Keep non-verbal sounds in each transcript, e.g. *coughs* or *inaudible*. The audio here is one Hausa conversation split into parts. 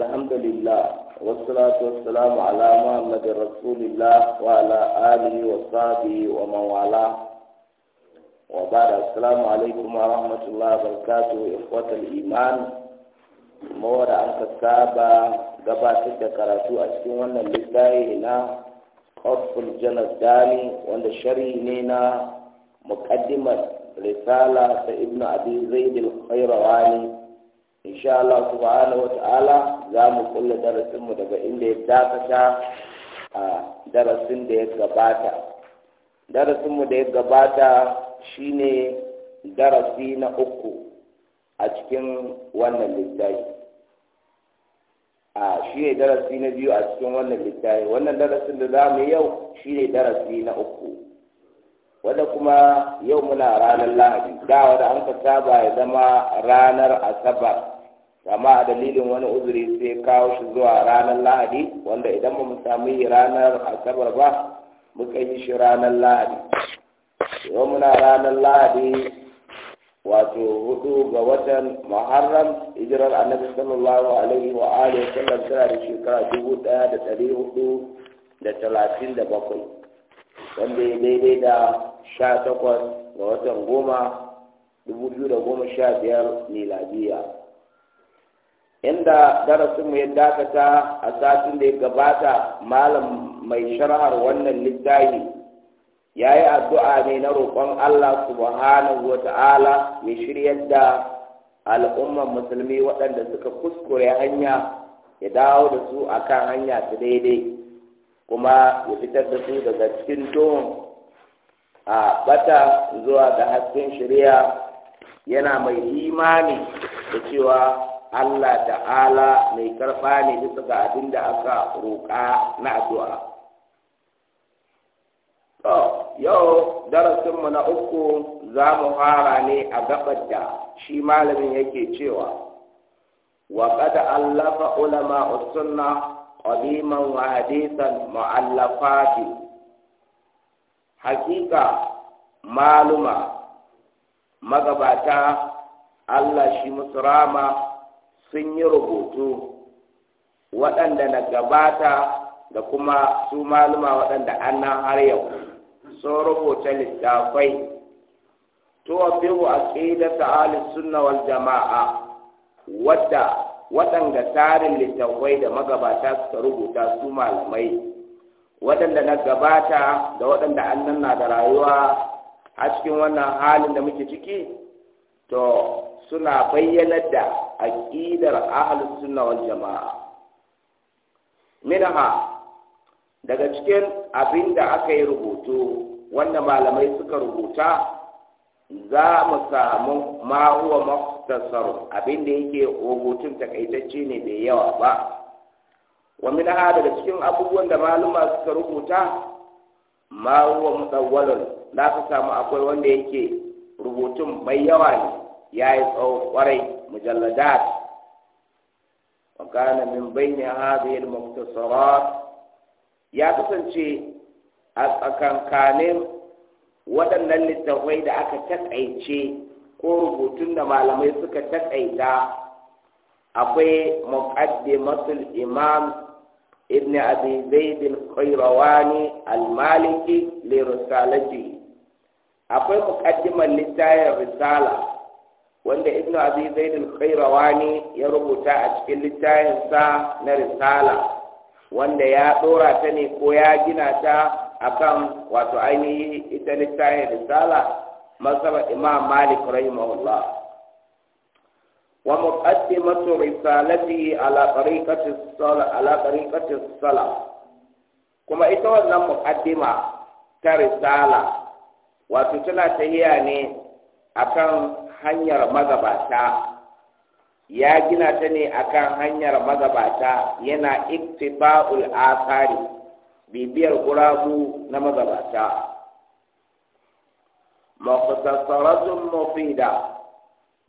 الحمد لله والصلاة والسلام على محمد رسول الله وعلى آله وصحبه ومن والاه وبعد السلام عليكم ورحمة الله وبركاته إخوة الإيمان mawar da aka saba gabatar da karatu a cikin wannan littafi na Qutbul Janar Dani wanda sharhi ne na muqaddimar risala ta ibnu Abi Zaid insha Allah subhanahu wa ta'ala za mu kulle darasinmu daga inda ya dakata a darasin da ya gabata darasinmu da ya gabata shine darasi na uku a cikin wannan littafi a shi ne darasi na biyu a cikin wannan littafi wannan darasin da za mu yau shi ne darasi na uku wanda kuma yau muna ranar lahadi da wanda an ka saba ya zama ranar asabar amma a dalilin wani uzuri sai kawo shi zuwa ranar lahadi wanda idan ba mu yi ranar asabar ba muka yi shi ranar lahadi yau muna ranar lahadi wato hudu ga watan muharram hijirar annabi sallallahu alaihi wa alihi sallam tana da shekara dubu daya da dari hudu da talatin da bakwai wanda ya daidai da sha takwas ga watan goma dubu biyu da goma sha biyar miladiya inda darasinmu ya dakata a satin da ya gabata malam mai sharhar wannan littafi ya yi addu'a ne na roƙon Allah subhanahu wa ta'ala mai shiryar da al'ummar musulmi waɗanda suka kuskure hanya ya dawo da su a kan hanya su daidai kuma ya fitar da su daga cikin tuhun a bata zuwa ga hasken shirya yana mai imani da cewa Allah ta'ala mai karfa ne bisa ga abin da aka roƙa na addu'a. To, yau darasinmu na uku za mu fara ne a gabar da shi malamin yake cewa, wa kada allafa ulama usunna qadiman wa hadisan mu'allafati hakika maluma magabata Allah shi musu rama sun yi rubutu waɗanda na gabata da kuma su maluma waɗanda an nan har yau sun rubuta littafai tuwafihu aqidata ahli suna wal jama'a wadda waɗanda tarin littafai da magabata suka rubuta su malamai waɗanda na gabata da waɗanda an nan na da rayuwa a cikin wannan halin da muke ciki to suna bayyanar da aƙidar ahalus sunna wal jama'a minha daga cikin abin da aka yi rubutu wanda malamai suka rubuta za mu samu ma huwa muktasar abin da yake rubutun takaitacce ne bai yawa ba wa min daga cikin abubuwan da maluma suka rubuta ma huwa mudawwalun za ka samu akwai wanda yake rubutun mai yawa ne ya yi tsawo kwarai mujalladat wa min bayni hadhihi ya kasance a tsakankanin waɗannan littafai da aka taƙaice ko rubutun da malamai suka taƙaita akwai muqaddimatul imam ibn abi zaid al-qayrawani al-maliki li risalatihi akwai muqaddimar littayar risala wanda ibnu abi zaid al-khairawani ya rubuta a cikin littayinsa sa na risala wanda ya dora ta ne ko ya gina ta akan wato ainihi ita littayin risala masaba imam malik rahimahullah ومقدمة رسالته على طريقة الصلاة على طريقة الصلاة كما إتوا لم مقدمة كرسالة wato tana tahiya ne akan hanyar magabata ya gina ta ne akan hanyar magabata yana iktiba'ul asari bibiyar gurabu na magabata makutassaratun da.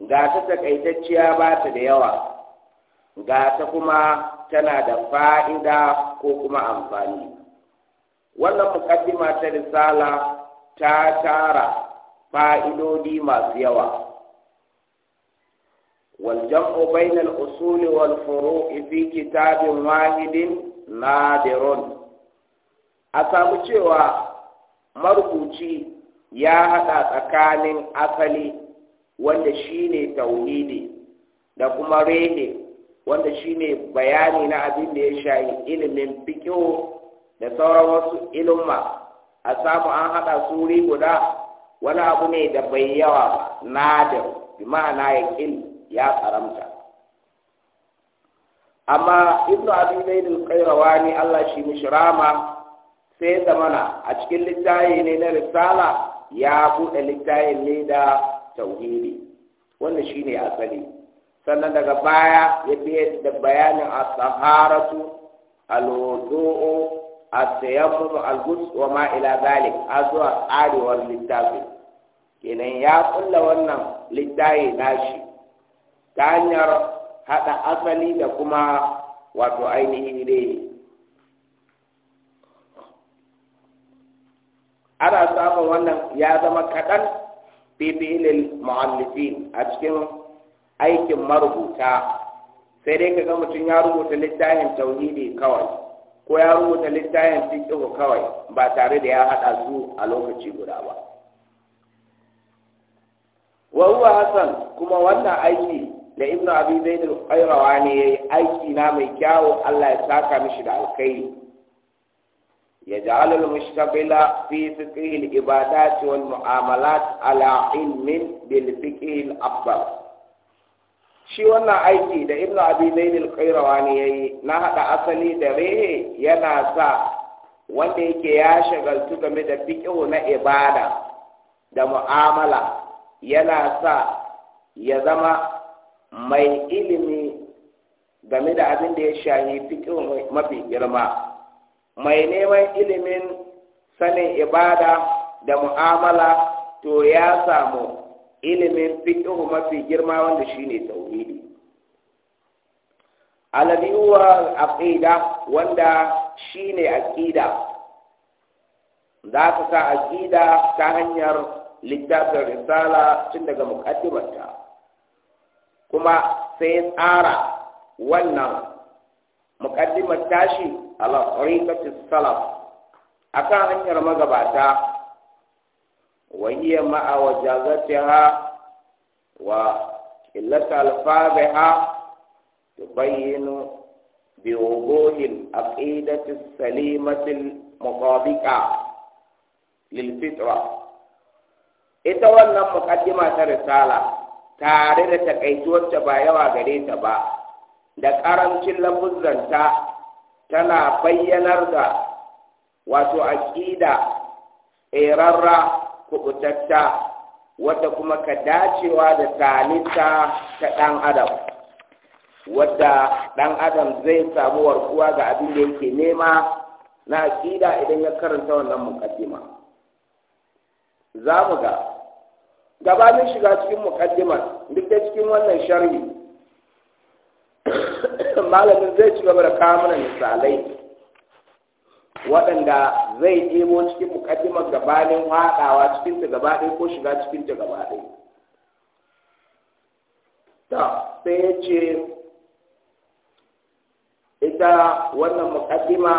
ga ta takaitacciya ba ta da yawa ga ta kuma tana da fa'ida ko kuma amfani wannan mukaddima ta risala ta tara fa'idodi masu yawa والجمع بين الأصول والفروع في كتاب واحد A asamu cewa marubuci ya haɗa tsakanin asali wanda shine tauhidi da kuma rene wanda shine bayani na abin da ya shayi ilimin fikihu da sauran wasu ilimma a samu an haɗa su wuri guda wani abu ne da bai yawa nadir bi ma'ana ya ya karamta amma ibnu abi zaid al-qayrawani Allah shi mishi rama sai zamana a cikin littafi ne na risala ya buɗe littafin ne da tauhidi wannan shine asali sannan daga baya ya biye da bayanin as-saharatu al-wudu'u at ya al alguz wa ma ila zalik azwa arewar littafi kenan ya kulla wannan littafi nashi ta hanyar hada asali da kuma wato ainihin dai ana samun wannan ya zama kaɗan bibilin muallifi a cikin aikin marubuta sai dai kaga mutum ya rubuta littafin tauhidi kawai ko ya rubuta littafin fiqh kawai ba tare da ya haɗa su a lokaci guda ba wa Hassan kuma wannan aiki da ibnu abi zaid al-qayrawa ne yayi aiki na mai kyawun Allah ya saka mishi da alkai. ya ji al-mushtabila fi fiqh ibadat wal mu'amalat ala ilmin bil fiqh akbar shi wannan aiki da ibnu abi zaid ne qayrawani yayi na hada asali da rehe yana sa wanda yake ya shagaltu game da fiqh na ibada da mu'amala yana sa ya zama mai ilimi game da abin da ya shahi fiqh mafi girma mai neman ilimin sanin ibada da mu'amala to ya samu ilimin fiqh mafi girma wanda shi ne tauhidi alladhi huwa aqida wanda ne aqida za ka sa aƙida ta hanyar littafin risala tun daga mukaddimarta kuma sai tsara wannan mukaddimar tashi ala tariqati salaf akan hanyar magabata wahiya ma awa jaza te ha yi nu bi o bo a fi da ti sali ma ti mo ita wannan na ta risala, tare da ta ta ba yawa ga ta ba da karan ci tana bayyanar da wato aƙida irarra kubutatta wadda kuma ka dacewa da talita ta ɗan adam wadda ɗan adam zai samu warkuwa ga abin da yake nema na aƙida idan ya karanta wannan muƙaddima za mu ga gabanin shiga cikin muƙaddimar duk da cikin wannan sharhi *coughs* malamin zai ci gaba da kamunan mana misalai waɗanda zai nemo cikin mukaddimar gabanin haɗawa cikin ta gaba ɗaya ko shiga cikin ta gaba ɗaya ta sai ya ce ita wannan mukaddima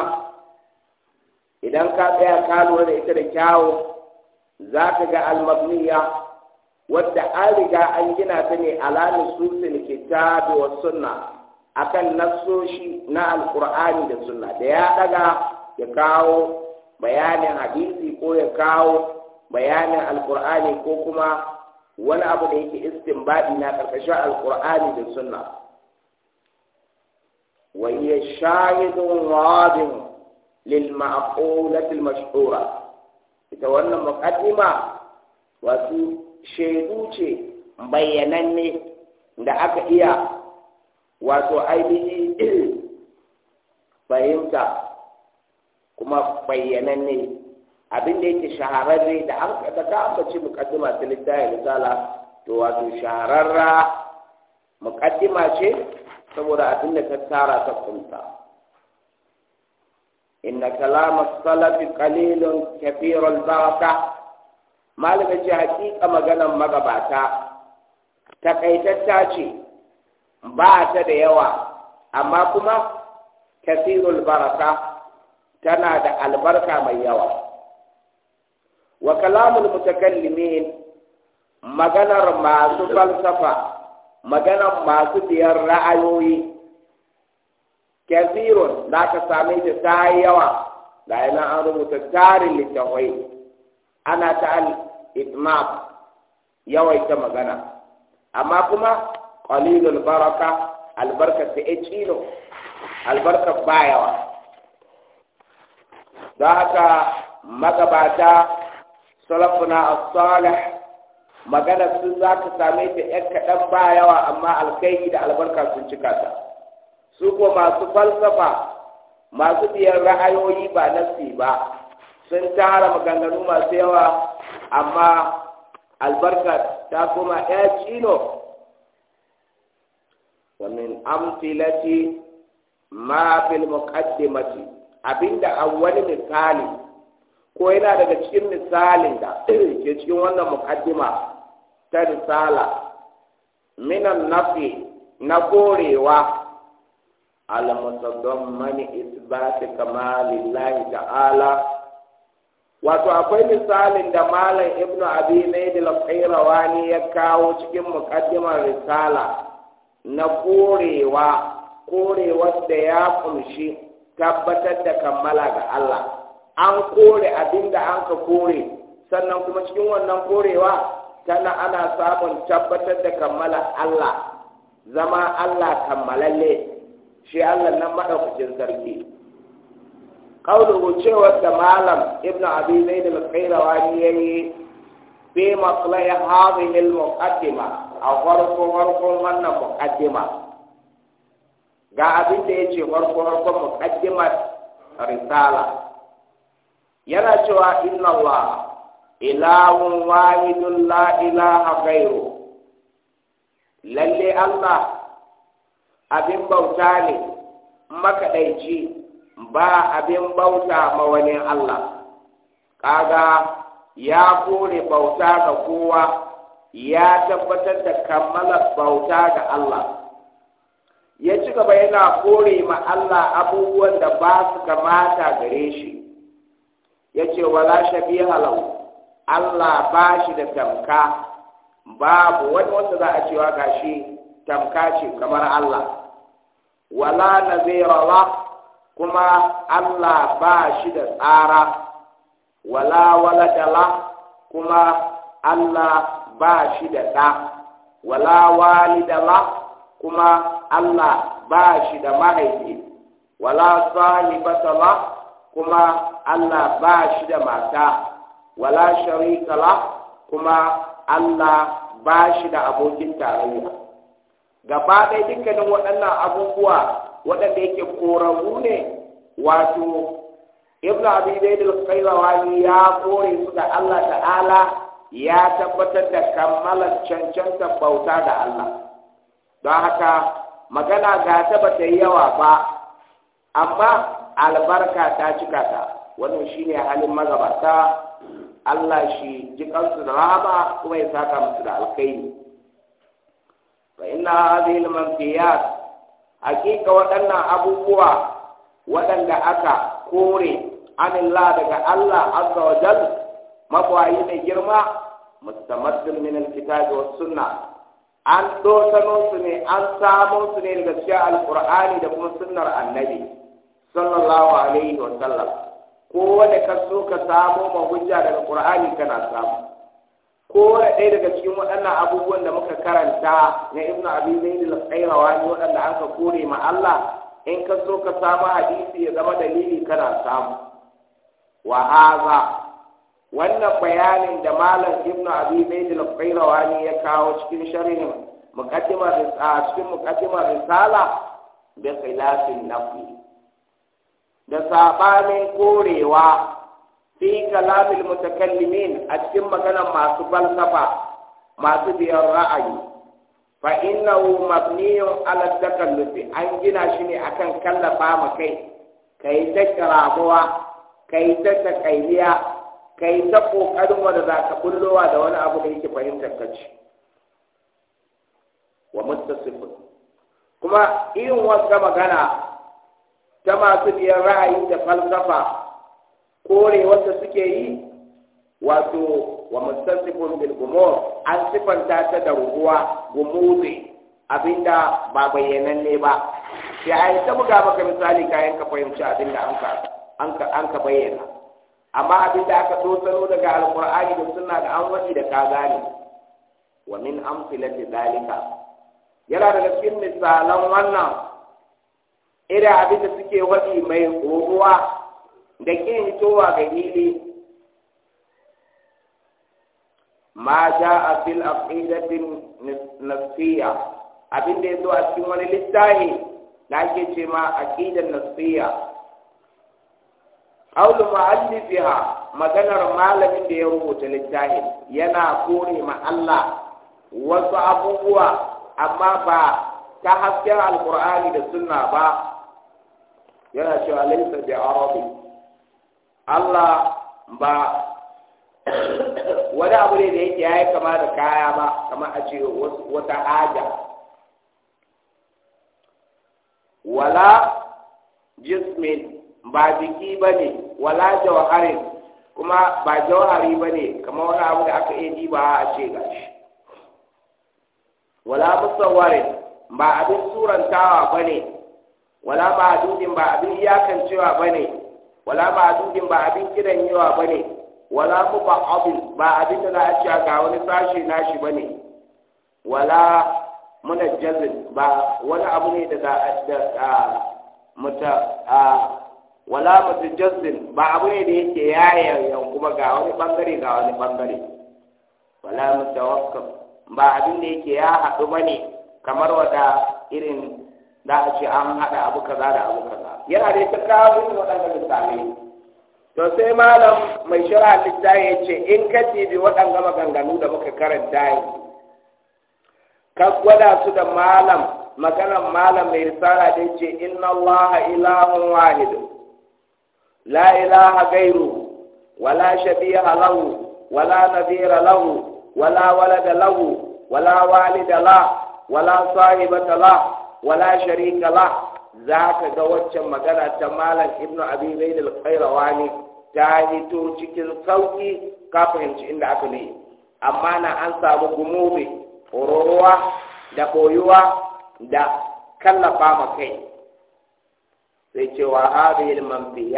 idan ka tsaya ka lura da ita da kyawu za ka ga almabniya wadda an riga an gina ta ne ala nususin da wa sunna akan nasoshi na alkur'ani da sunna da ya daga ya kawo bayanin hadisi ko ya kawo bayanin alkur'ani ko kuma wani abu da yake istinbadi na karkashin alkur'ani da sunna wa hiya shahidun wadin lil ma'qulati mashhura ita wannan muqaddima wasu shaidu ce bayyananne da aka iya wato ainihi *clears throat* fahimta kuma bayyananne abin da yake shahararre da an da ta ambaci mukaddima ta littafin misala to wato shahararra mukaddima ce saboda abin da ta tara ta kunta inna kalam salafi kalilun kathir al-baraka ce hakika maganan magabata takaitatta ce ba ta da yawa amma kuma kathirul baraka tana da albarka mai yawa wa kalamul mutakallimin maganar masu falsafa maganar masu biyar ra'ayoyi kafirun da ka same ta ta yawa da yana an rubuta tarin littafai ana ta al yawaita magana amma kuma qalilul baraka albarka ta ecino albarka bayawa da haka magabata salafuna as-salih magana sun za ka same ta yan kaɗan ba yawa amma alkhairi da albarka sun cika ta su ko masu falsafa masu biyan ra'ayoyi ba nasi ba sun tara maganganu masu yawa amma albarka ta kuma ɗaya cino wa min amtilati ma abinda a wani misali ko yana daga cikin misalin da *clears throat* ke cikin wannan mukaddima ta risala minan nafi na korewa al mani isbati kamalillahi ta'ala wato akwai misalin da malam ibnu abi naidil ne ya kawo cikin mukaddimar risala na korewa korewar da ya kunshi tabbatar da kammala ga Allah an kore abin da an ka kore sannan kuma cikin wannan korewa tana ana samun tabbatar da kammala Allah zama Allah kammalalle shi Allah nan maɗaukacin sarki قوله cewa da malam ibn abi zaid al-qayrawani yayi fi ya hadhihi al-muqaddima a farko farkon wannan muqaddima ga abin da ya ce farko farko muqaddimat risala yana cewa inna Allah ilahun wahidun la ilaha ghairu lalle Allah abin bauta ne makaɗaici ba abin bauta ma wani Allah kaga ya kore bauta ga kowa ya tabbatar da kammala bauta ga Allah ya ci gaba yana kore ma Allah abubuwan da ba su kamata gare shi ya ce wala shabiha halau Allah ba shi da tamka babu wani wanda za a cewa shi tamka ce kamar Allah wala nazira kuma Allah ba shi da tsara wala waladala kuma Allah ba shi da ɗa wala walidala kuma Allah ba shi da mahaifi wala sahibata la kuma Allah ba shi da mata wala sharika la kuma Allah ba shi da abokin tarayya gaba ɗaya dukkanin waɗannan abubuwa waɗanda yake korarru ne wato ibn abi zaid ya kore su da Allah ta'ala ya tabbatar da kammalar cancanta bauta da Allah don haka magana ga ta ba ta yi yawa ba amma albarka ta cika ta wannan shine halin magabata Allah shi ji kansu da rahama kuma ya saka musu da alkhairi fa inna hadhihi al-manfiyat hakika waɗannan abubuwa waɗanda aka kore anillah daga Allah azza wa jalla mabwayi da girma mustamaddin min al-kitabi was sunnah an dosano su ne an samo su ne daga cikin alkur'ani da kuma sunnar annabi sallallahu alaihi wa sallam kowane ka so ka samo ma daga qur'ani kana samu kowane ɗaya daga cikin waɗannan abubuwan da muka karanta na ibnu abi zaid al ne waɗanda ka kore ma Allah in ka so ka samu hadisi ya zama dalili kana samu wa wannan bayanin da malam ibnu abi bayd al-qayrawani ya kawo cikin sharhin muqaddimar da cikin muqaddimar risala Da khilafin nafi da sabanin korewa fi kalamil mutakallimin a cikin maganar masu falsafa masu biyan ra'ayi fa innahu mabniyun ala takallufi an gina shi ne akan kallafa ma kai kai ta karabuwa kai ta takailiya ka yi ta ƙoƙarin wanda za ka bullowa da wani abu da yake fahimtar ka ci wa sifin kuma irin wata magana ta masu biyan ra'ayi da falsafa kore wata suke yi wato wa muttasifin bil gumur an sifanta ta da ruguwa gumuzi abinda ba bayyananne ba sai a yi ta buga maka misali kayan ka fahimci abinda an ka bayyana amma abin da aka sano daga alkur'ani da sunna da an wani da ka gane wa min amsilati zalika yana daga cikin misalan wannan irin abin da suke wani mai koruwa da ke hitowa ga hili ma ja a fil aqidatin nasfiya abin da yazo a cikin wani littafi da ake ce ma aqidan nasfiya aulu mu'allifiha maganar malamin da ya rubuta littafin yana kore ma Allah wasu abubuwa amma ba ta hasken alkur'ani da sunna ba yana cewa laisa bi arabi Allah ba *coughs* wani abu ne da yake yayi kama da kaya ba kama a ce wata haja wala jismin ba jiki ba ne wala jawharin kuma ba jawhari ne kamar wani abu da aka iya diba a ce shi wala musawwarin ba abin surantawa ne. wala dudin ba abin iyakancewa ne. wala dudin ba abin kiran yawa ne. wala mu ba abin da za a ce ga wani sashi nashi ne. wala munajjazin ba wani abu ne da za a mata wala jazzin ba abu ne da yake yaya yanku kuma ga wani bangare ga wani bangare wala mutawakkaf ba abin da yake ya haɗu ba ne kamar wata irin da a ce an haɗa abu kaza da abu kaza yana da ta kawo waɗanda misalai to sai malam mai shara littafi ya ce in ka bi waɗanda maganganu da muka karanta yi ka gwada su da malam maganan malam mai risala da ce inna allaha ilahun wahidun la ilaha wala shabiha lahu wala nadira lahu wala walada lahu wala walida la wala sahibata la wala sharika la zaka ga waccan magana ta malam ibnu abi zaid al-qayrawani ta hito cikin sauki ka fahimci inda aka ne amma na an samu gumobe horowa da koyuwa da kallafa ma kai sai cewa hadhihi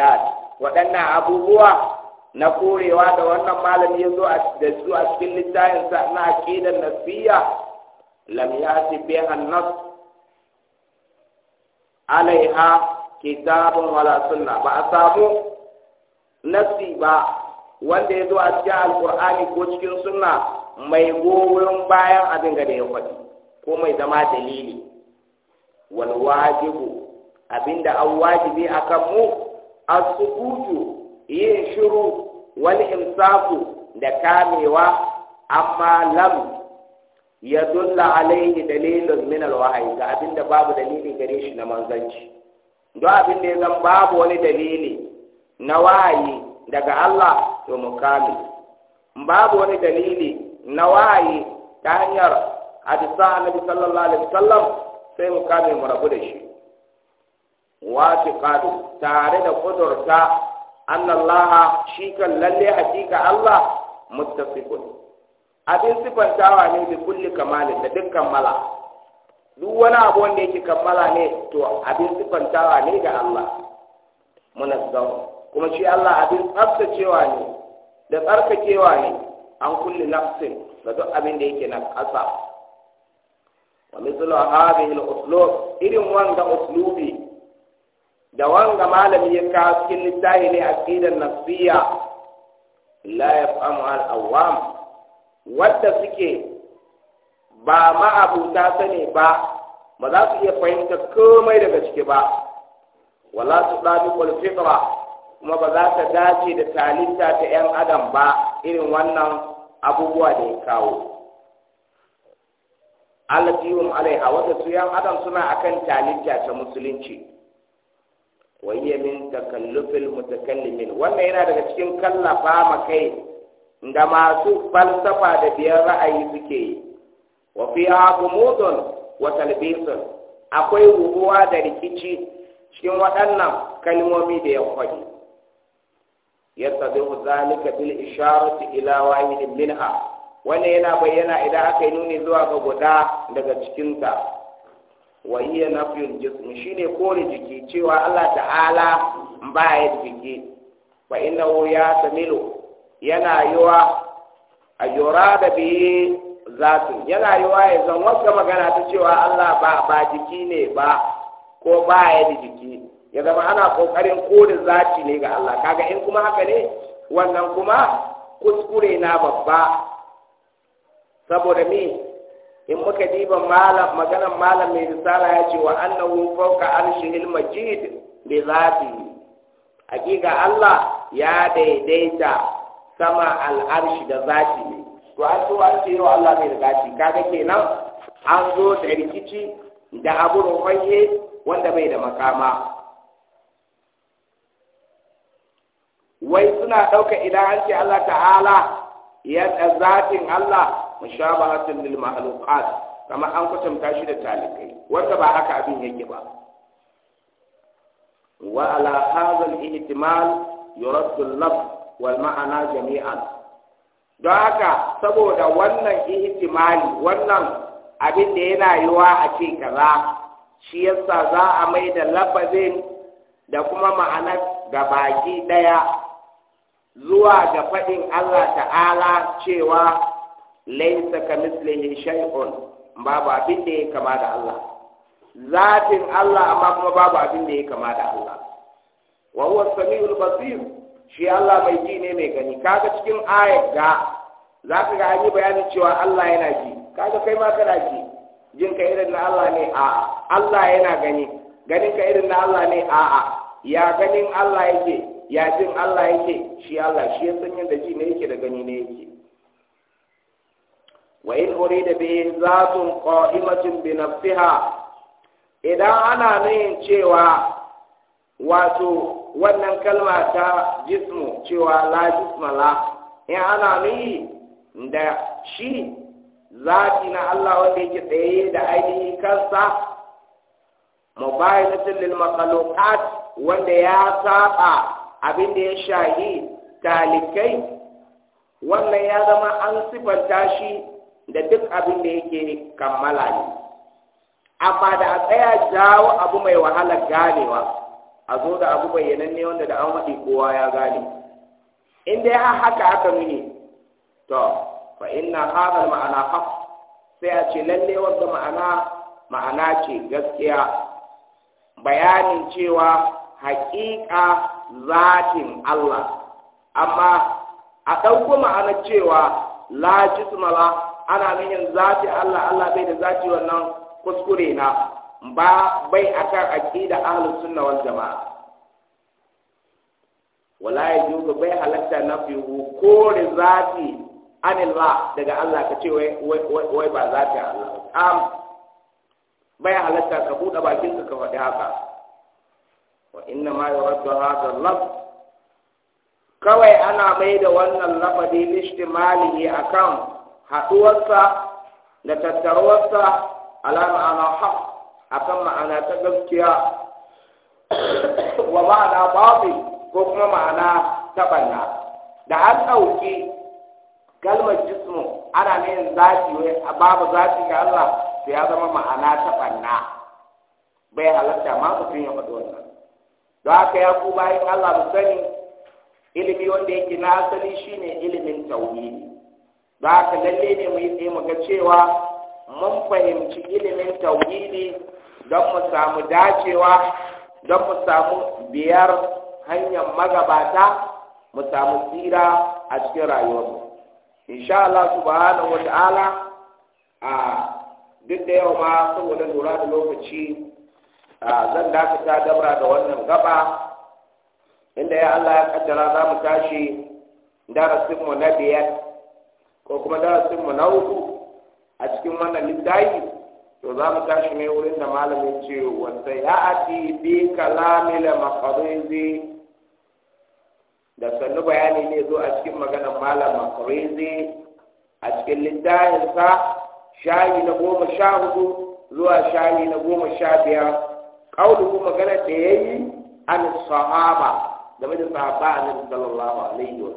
al waɗannan abubuwa na korewa da wannan malami ya zo da su a cikin littafin sa na aqidar nasiya lam yati biha nas alaiha kitabun wala sunna ba a samu nasi ba wanda ya zo a cikin alƙur'ani ko cikin sunna mai goyon bayan abin da ya faɗi ko mai zama dalili wal wajibu abinda an wajibi a mu a sukutu yin shiru wani imsaku da kamewa amma lam ya dulla alaihi dalilin min alwahyi ga abinda babu dalili gare shi na manzanci don abin da ya zan babu wani dalili na wahayi daga Allah to mu kame. babu wani dalili na wahayi ta hanyar hadisan annabi sallallahu alaihi wasallam sai mu kame mu rabu da shi wafiqadu tare da kudurta annallaha shi kan lalle hakika Allah muttafiqun abin sifantawa ne bi kulli kamalin da duk kammala duk wani abu wanda yake kammala ne to abin sifantawa ne ga Allah munazzam kuma shi Allah abin tsaftacewa ne da tsarkakewa ne an kulli nafsin da duk abin da yake na ƙasa wa mithlu hadhihi al-uslub irin wanga uslubi da wanga malami ya kawo cikin littafi ne aqidan nafsiyya la yafhamu al awam wadda suke ba ma'abuta sani ba ba za su iya fahimta komai daga ciki ba wala su ɗabi fitra kuma ba za ta dace da talinta ta 'yan adam ba irin wannan abubuwa da ya kawo alai alaiha wata su 'yan adam suna akan talinta ta musulunci wayye min takallufil mutakallimin wannan yana daga cikin kallafa ma kai da masu falsafa da biyar ra'ayi suke yi wa fi aqmudun wa talbisun akwai guguwa da rikici cikin waɗannan kalmomi da ya kwaje yastadihu zalika bil isharati ila wahidin minha wannan yana bayyana idan aka yi nuni zuwa ga guda daga cikinta wa hiya nafyul jism ne kore jiki cewa Allah ta'ala ba ya jiki fa innahu ya yana yiwa a yura da biye zatu yana yiwa ya zan wata magana ta cewa Allah ba ba jiki ne ba ko ba ya da jiki ya zama ana kokarin kore zati ne ga Allah kaga in kuma haka ne wannan kuma kuskure na babba saboda me in muka diba malam maganan malam mai risala ya ce wa annahu fawqa arshil majid bi zati hakika Allah ya daidaita sama al'arshi da zati ne to an so an ce wa Allah mai rigaci kaga kenan an zo da rikici da abu rufanye wanda bai da makama wai suna ɗauka idan an ce Allah ta'ala ya zatin Allah mushabahatan lil mahluqat kama an kwatanta shi da talikai wanda ba haka abin yake ba wa ala hadha al ihtimal yuraddu al lafz wal ma'ana jami'an don haka saboda wannan ihtimali wannan abin da yana yiwa a ce kaza shi yasa za a mai da lafazin da kuma ma'anar ga baki daya zuwa ga faɗin Allah ta'ala cewa laisa ka mislihi shay'un babu abin da ya kama da Allah zatin Allah amma kuma babu abin da ya kama da Allah wa huwa samiul basir shi Allah mai ji ne mai gani kaga cikin ayat ga zaka ga an yi bayanin cewa Allah yana ji kaga kai ma kana ji jin ka irin na Allah ne a Allah yana gani ganin ka irin na Allah ne a a ya ganin Allah yake ya jin Allah yake shi Allah shi ya san yadda ji ne yake da gani ne yake wa in urida bihi zatun qa'imatun bi nafsiha idan ana nuyin cewa wato wannan kalma ta jismu cewa la jisma la in ana nuyi da shi zati na Allah wanda yake tsaye da ainihin kansa mubayyinatul lil makhluqat wanda ya saba abin da ya shahi talikai wannan ya zama an sifanta shi da duk abin da yake kammala ne amma da a tsaya jawo abu mai wahalar ganewa a zo da abu bayyananne wanda da an maɗi kowa ya gane in dai har haka aka mini to fa inna hadal ma'ana haq sai a ce lalle wanda ma'ana ma'ana ce gaskiya bayanin cewa haƙiƙa zatin Allah amma a ɗauko ma'anar cewa la jismala ana nihin zaci Allah Allah bai da zaci wannan kuskure na ba bai akan aqida ahlus sunna wal jamaa wala yajuzu bai halatta nafihu kore zaci anil ba daga Allah ka ce wai ba a Allah am bai halatta ka buɗe bakin ka faɗi haka wa inna ma yuraddu hadha al-lafz kawai ana mai da wannan lafadi lishtimalihi akan haɗuwarsa da tattaruwarsa ala ma'ana haq akan ma'ana ta gaskiya wa ma'ana babi ko kuma ma'ana ta banna da an ɗauki kalmar jismu ana yin zafi wai babu zafi ga Allah sai ya zama ma'ana ta banna bai halatta ma mutum ya faɗi wannan don haka ya ku bayan Allah mu sani ilimi wanda yake na asali shine ilimin tauhidi Ba ka lalle ne mu yi tsaye mu ga cewa mun fahimci ilimin tauhidi don mu samu dacewa don mu samu biyar hanyar magabata mu samu tsira a cikin rayuwarmu insha Allah subhanahu wata'ala a duk da yau ma saboda lura da lokaci zan dakata dabra da wannan gaba inda ya Allah ya kaddara za mu tashi darasinmu na biyar ko kuma darasin mu na uku a cikin wannan littafi to za mu tashi ne wurin da malamin ce wanda ya ati bi kalami la maqrizi da sannu bayani ne zo a cikin maganar malam maqrizi a cikin littafin sa shayi na goma sha hudu zuwa shayi na goma sha biyar ko magana da yayi an sahaba game da sahaba annabi sallallahu alaihi wa